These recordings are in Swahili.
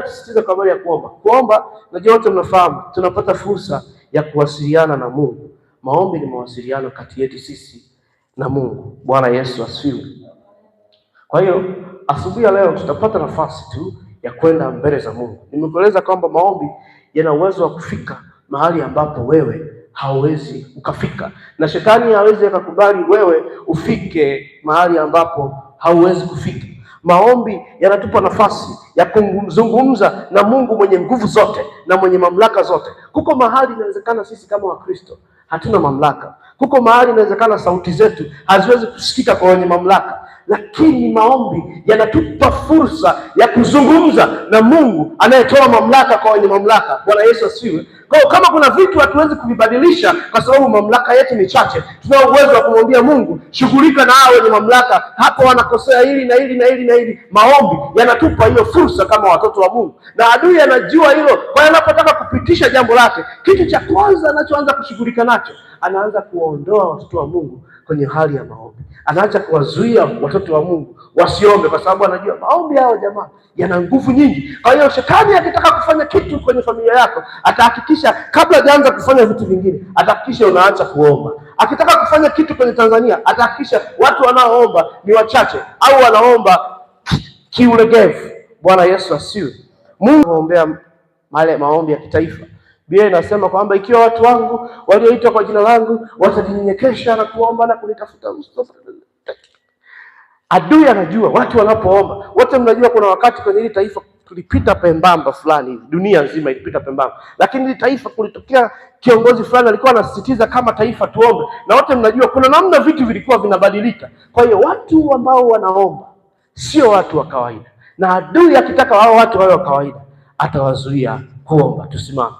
Tunasisitiza kwa habari ya kuomba. Kuomba najua wote mnafahamu, tunapata fursa ya kuwasiliana na Mungu. Maombi ni mawasiliano kati yetu sisi na Mungu. Bwana Yesu asifiwe. Kwa hiyo asubuhi ya leo tutapata nafasi tu ya kwenda mbele za Mungu. Nimekueleza kwamba maombi yana uwezo wa kufika mahali ambapo wewe hauwezi ukafika, na shetani hawezi akakubali wewe ufike mahali ambapo hauwezi kufika. Maombi yanatupa nafasi ya kuzungumza na Mungu mwenye nguvu zote na mwenye mamlaka zote. Kuko mahali inawezekana sisi kama Wakristo hatuna mamlaka. Kuko mahali inawezekana sauti zetu haziwezi kusikika kwa wenye mamlaka lakini maombi yanatupa fursa ya kuzungumza na Mungu anayetoa mamlaka kwa wenye mamlaka. Bwana Yesu asifiwe. Kwa hiyo kama kuna vitu hatuwezi kuvibadilisha kwa sababu mamlaka yetu ni chache, tunao uwezo wa kumwambia Mungu, shughulika na hao wenye mamlaka, hapo wanakosea hili na hili na hili na hili. Maombi yanatupa hiyo fursa kama watoto wa Mungu, na adui anajua hilo. Kwa hiyo anapotaka kupitisha jambo lake, kitu cha kwanza anachoanza kushughulika nacho, anaanza kuwaondoa watoto wa Mungu kwenye hali ya maombi, anaacha kuwazuia watoto wa Mungu wasiombe, kwa sababu anajua maombi yao jamaa yana nguvu nyingi. Kwa hiyo shetani akitaka kufanya kitu kwenye familia yako atahakikisha kabla hajaanza kufanya vitu vingine, atahakikisha unaacha kuomba. Akitaka kufanya kitu kwenye Tanzania atahakikisha watu wanaoomba ni wachache au wanaomba kiulegevu. Bwana Yesu asiwe Mungu aombea maombi ya kitaifa Biblia inasema kwamba ikiwa watu wangu walioitwa kwa jina langu watajinyenyekesha na kuomba na kunitafuta uso. Adui anajua watu wanapoomba. Wote mnajua kuna wakati kwenye hili taifa tulipita pembamba fulani dunia nzima ilipita pembamba, lakini hili taifa kulitokea kiongozi fulani alikuwa anasisitiza kama taifa tuombe, na wote mnajua kuna namna vitu vilikuwa vinabadilika. Kwa hiyo watu ambao wanaomba sio watu wa kawaida, na adui akitaka wao watu wawe wa kawaida atawazuia kuomba. Tusimame.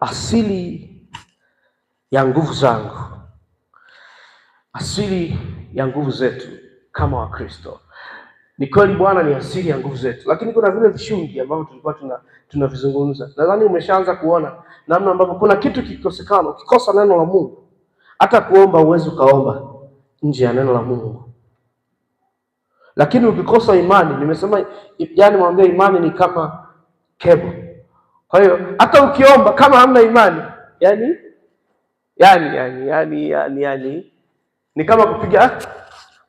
asili ya nguvu zangu, asili ya nguvu zetu kama Wakristo. Ni kweli Bwana ni asili ya nguvu zetu, lakini kuna vile vishungi ambavyo tulikuwa tuna tunavizungumza. Nadhani umeshaanza kuona namna ambavyo kuna kitu kikosekana. Ukikosa neno la Mungu, hata kuomba uwezi ukaomba nje ya neno la Mungu. Lakini ukikosa imani, nimesema yaani, mwambie imani ni kama kebo kwa hiyo hata ukiomba kama hamna imani yani, yani, yani, yani, yani, yani, ni kama kupiga ah,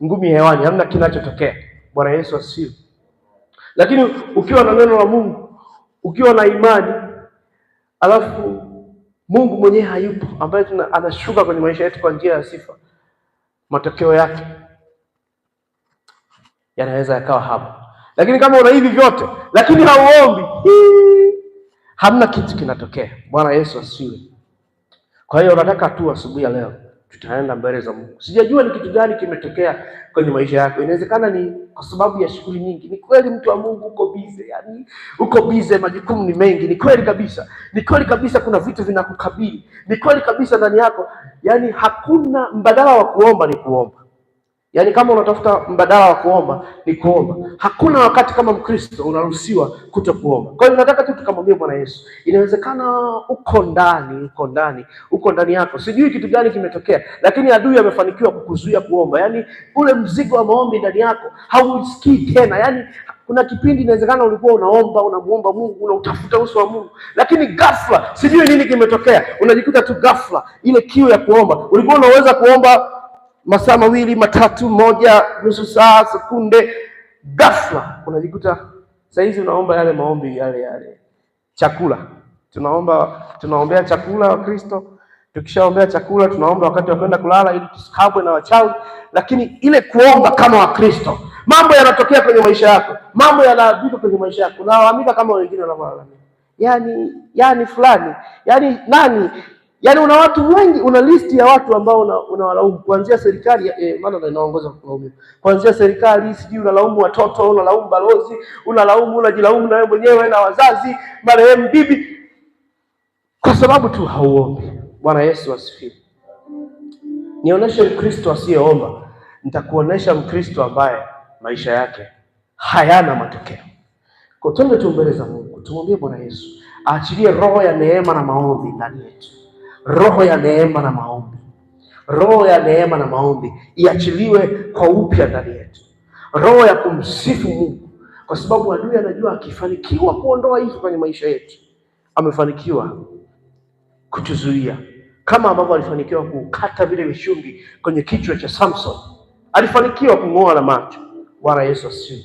ngumi hewani, hamna kinachotokea. Bwana Yesu asifiwe. Lakini ukiwa na neno la Mungu, ukiwa na imani, alafu Mungu mwenyewe hayupo, ambaye anashuka kwenye maisha yetu kwa njia ya sifa, matokeo yake yanaweza yakawa hapa. Lakini kama una hivi vyote, lakini hauombi hamna kitu kinatokea. Bwana Yesu asiwe Kwa hiyo nataka tu asubuhi ya leo tutaenda mbele za Mungu. Sijajua ni kitu gani kimetokea kwenye maisha yako. Inawezekana ni kwa sababu ya shughuli nyingi. Ni kweli, mtu wa Mungu, uko bize, yani uko bize, majukumu ni mengi. Ni kweli kabisa, ni kweli kabisa, kuna vitu vinakukabili. Ni kweli kabisa ndani yako, yani hakuna mbadala wa kuomba, ni kuomba. Yaani, kama unatafuta mbadala wa kuomba ni kuomba. Hakuna wakati kama Mkristo unaruhusiwa kuto kuomba. Kwa hiyo nataka tu tukamwambie Bwana Yesu, inawezekana uko ndani, uko ndani, uko ndani yako, sijui kitu gani kimetokea, lakini adui amefanikiwa kukuzuia kuomba. Yaani ule mzigo wa maombi ndani yako hausikii tena. Yaani kuna kipindi inawezekana ulikuwa unaomba, unamuomba Mungu, unautafuta uso wa Mungu, lakini ghafla, sijui nini kimetokea, unajikuta tu ghafla ile kiu ya kuomba. Ulikuwa unaweza kuomba masaa mawili matatu, moja nusu saa, sekunde, ghafla unajikuta sahizi unaomba yale maombi yale yale. Chakula tunaomba tunaombea chakula Wakristo, tukishaombea chakula tunaomba wakati wa kwenda kulala, ili tusikabwe na wachawi. Lakini ile kuomba kama Wakristo, mambo yanatokea kwenye maisha yako, mambo yanaadhika kwenye maisha yako, unalalamika kama wengine wanavyolalamika, yani yani fulani yani nani Yaani una watu wengi, una listi ya watu ambao unawalaumu una kuanzia serikali eh, maana inaongoza kulaumiwa kuanzia serikali, sijui unalaumu watoto, unalaumu balozi, unalaumu, unajilaumu na wewe mwenyewe na wazazi, marehemu bibi, kwa sababu tu hauombi. Bwana Yesu asifiwe. Nionyeshe Mkristo asiyeomba, nitakuonesha Mkristo ambaye maisha yake hayana matokeo. Kwa twende tu mbele za Mungu, tumwambie Bwana Yesu aachilie roho ya neema na maombi ndani yetu roho ya neema na maombi, roho ya neema na maombi iachiliwe kwa upya ndani yetu, roho ya kumsifu Mungu, kwa sababu adui anajua akifanikiwa kuondoa hivi kwenye maisha yetu amefanikiwa kutuzuia, kama ambavyo alifanikiwa kukata vile vishungi kwenye kichwa cha Samson, alifanikiwa kung'oa na macho. Bwana Yesu asifiwe.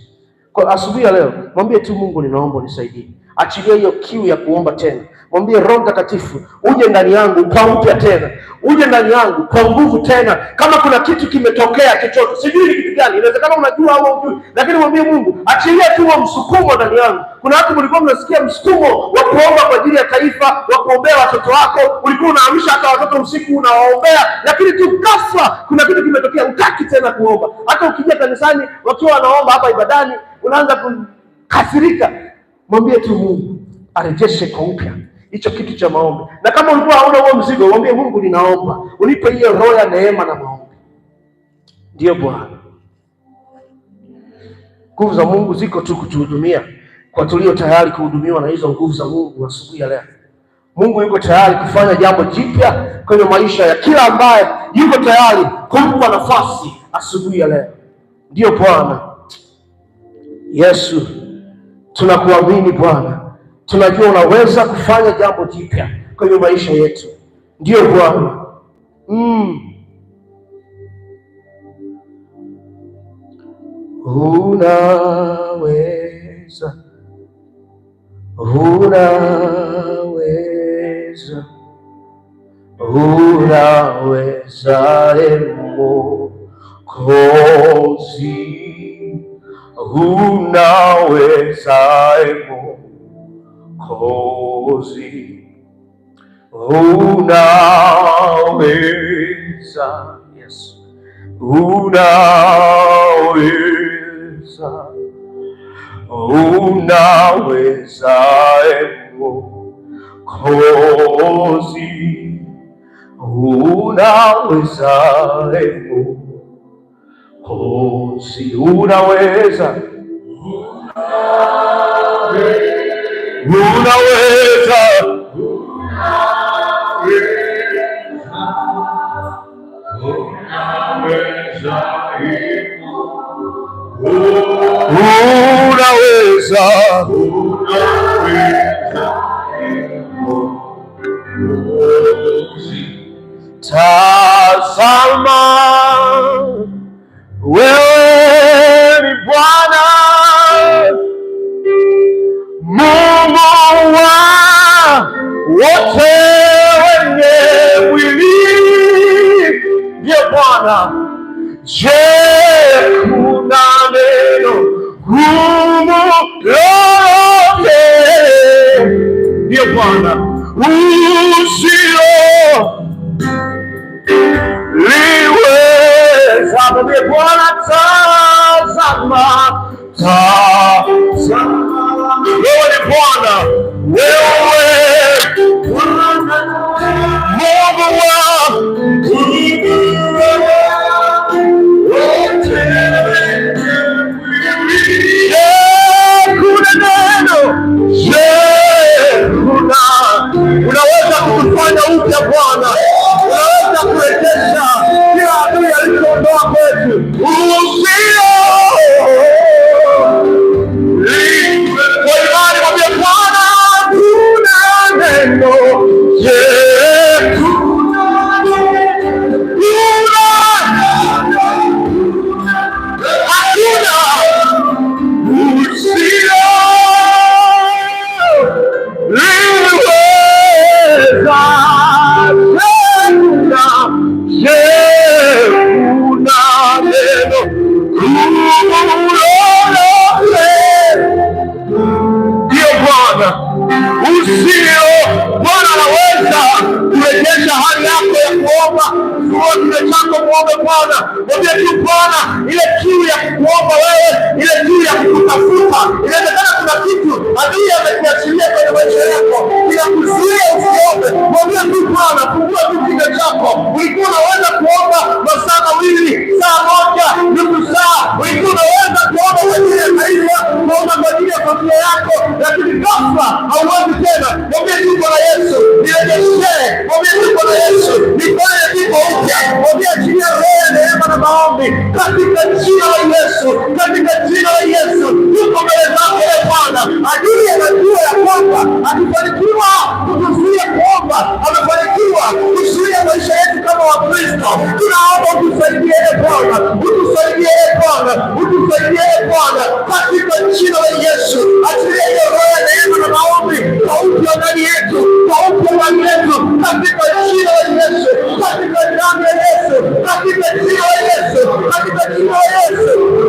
Kwa asubuhi ya leo, mwambie tu Mungu, ninaomba unisaidie, achilie hiyo kiu ya kuomba tena Mwambie Roho Mtakatifu uje ndani yangu kwa upya tena, uje ndani yangu kwa nguvu tena. Kama kuna kitu kimetokea chochote, sijui ni kitu gani, inawezekana unajua au hujui, lakini mwambie Mungu, achilie tu huo msukumo ndani yangu. Kuna watu mlikuwa mnasikia msukumo wa kuomba kwa ajili ya taifa, wa kuombea watoto wako, ulikuwa unaamsha hata watoto usiku unawaombea, lakini tu ghafla kuna kitu kimetokea, utaki tena kuomba. Hata ukija kanisani wakiwa wanaomba hapa ibadani, unaanza kukasirika. Mwambie tu Mungu arejeshe kwa upya hicho kitu cha maombi. Na kama ulikuwa hauna huo mzigo, uambie Mungu, ninaomba unipe hiyo roho ya neema na maombi. Ndiyo Bwana, nguvu za Mungu ziko tu kutuhudumia kwa tulio tayari kuhudumiwa na hizo nguvu za Mungu asubuhi ya leo. Mungu yuko tayari kufanya jambo jipya kwenye maisha ya kila ambaye yuko tayari kumpa nafasi asubuhi ya leo. Ndiyo Bwana Yesu, tunakuamini Bwana tunajua unaweza kufanya jambo jipya kwenye maisha yetu. Ndiyo Bwana. Mm. Unaweza, unaweza, unaweza kozi, unaweza emo closing. una now yes. una now una I. Oh, now una I closing. Oh, una is una closing. unaweza unaweza tazama God. Bwana, ile kiu ya kukuomba wewe, ile kiu ya kukutafuta. Inawezekana kuna kitu adui amekiachilia kwenye maisha yako, inakuzuia usiombe. Mwambie tu Bwana, fungua tu kinywa chako. Ulikuwa unaweza kuomba masaa mawili, saa moja, nusu saa, ulikuwa unaweza kuomba kwa ajili ya taifa, kuomba kwa ajili ya familia yako, lakini ghafla hauwezi tena. Mwambie tu Bwana Yesu, nirejeshee. Mwambie tu Bwana Yesu, nifanye niko upya. Mwambie achilia roho para maombi katika jina la Yesu, katika jina la Yesu. Yuko mbele zako e Bwana, ajili anajua ya kwamba akifanikiwa kutuzuia kuomba, amefanikiwa kuzuia maisha yetu kama Wakristo. Tunaomba utusaidie e Bwana, utusaidie e Bwana, utusaidie e Bwana, katika jina la Yesu. Achilia hiyo roho ya neema na maombi kwa upya ndani yetu, kwa upya ndani yetu, katika jina la Yesu, katika jina la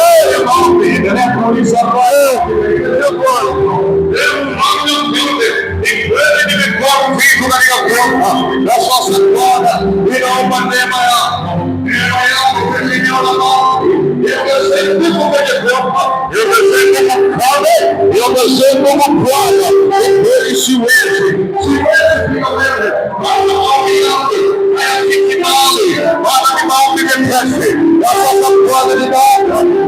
Ei, irmão Pedro, né? Por isso, Rafael, meu corpo. Eu mando tudo e grande me vivo na minha boca, na sua sacola, e não bater maior. Eu não ia me na mão. Eu é como Benedeto, eu pensei como Paulo, eu pensei como Paulo, ele se unge, se unge, para o mal que me preste, a nossa prova de nada.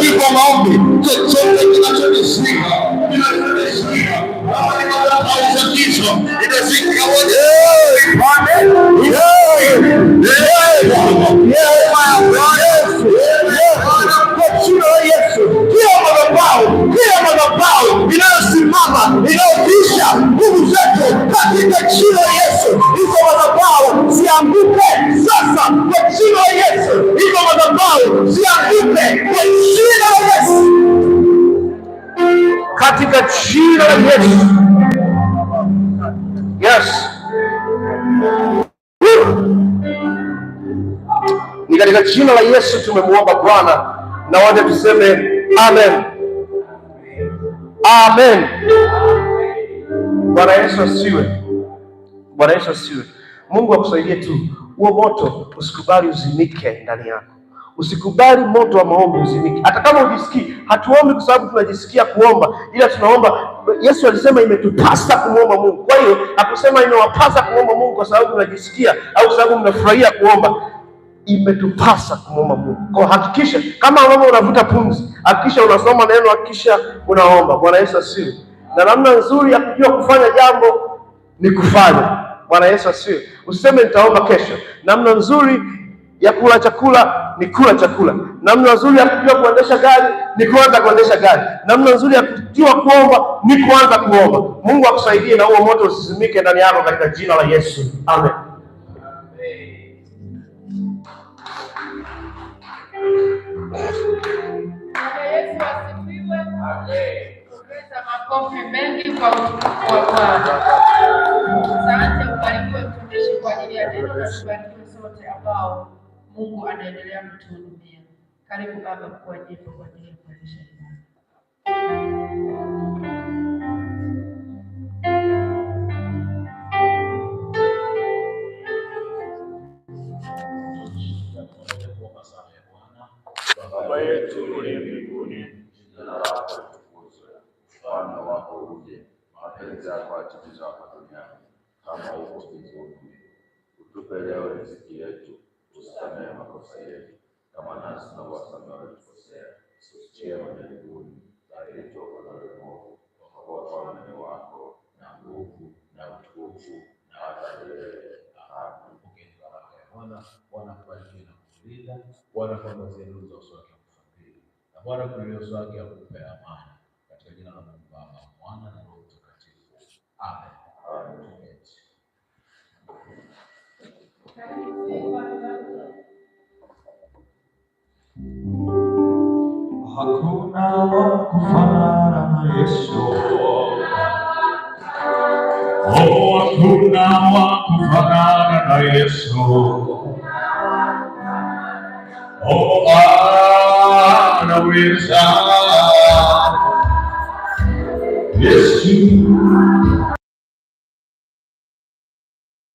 He come out zianguke kwa jina la Yesu, katika jina la Yesu. Yes, ni katika jina la Yesu tumemwomba Bwana, na wote tuseme amen, amen. Bwana Yesu asiwe. Bwana Yesu asiwe. Mungu akusaidie tu, huo moto usikubali uzimike ndani yako. Usikubali moto wa maombi uzimike, hata kama ujisikii. Hatuombi kwa sababu tunajisikia kuomba, ila tunaomba. Yesu alisema imetupasa kumwomba Mungu. Kwa hiyo hakusema imewapasa kumwomba Mungu kwa sababu tunajisikia au kwa sababu mnafurahia kuomba. Imetupasa kumwomba Mungu. Kwa hakikisha kama mama unavuta pumzi, hakikisha unasoma neno, hakikisha unaomba. Bwana Yesu asifiwe. Na namna nzuri ya kujua kufanya jambo ni kufanya. Bwana Yesu asifiwe. Useme nitaomba kesho. Namna nzuri ya kula chakula ni kula chakula. Namna nzuri ya kujua kuendesha gari ni kuanza kuendesha gari. Namna nzuri ya kujua kuomba ni kuanza kuomba. Mungu akusaidie na huo moto usizimike ndani yako katika jina la Yesu. Amen. Amen. Mungu anaendelea kutuhudumia. Karibu Baba kwa jibu kwa ajili ya kuendesha Baba yetu uliye mbinguni, jina lako litukuzwe, ufalme wako uje, mapenzi yako yatimizwe hapa duniani kama huko mbinguni. Utupe leo riziki yetu makosa kama nasi tunawasamehe tukosea, usitie majaribuni, bali kwa kuwa ufalme ni wako na nguvu na utukufu na hata milele. Amen. Pokeni baraka ya Bwana. Bwana akubariki na kukulinda. Bwana nuru za uso wake akufadhili, na Bwana uso wake akupe amani, katika jina la Mungu Baba, Mwana na Roho Mtakatifu. Amen. kufanana na Yesu. Oh, hakuna wa kufanana na Yesu. Oh, anaweza Yesu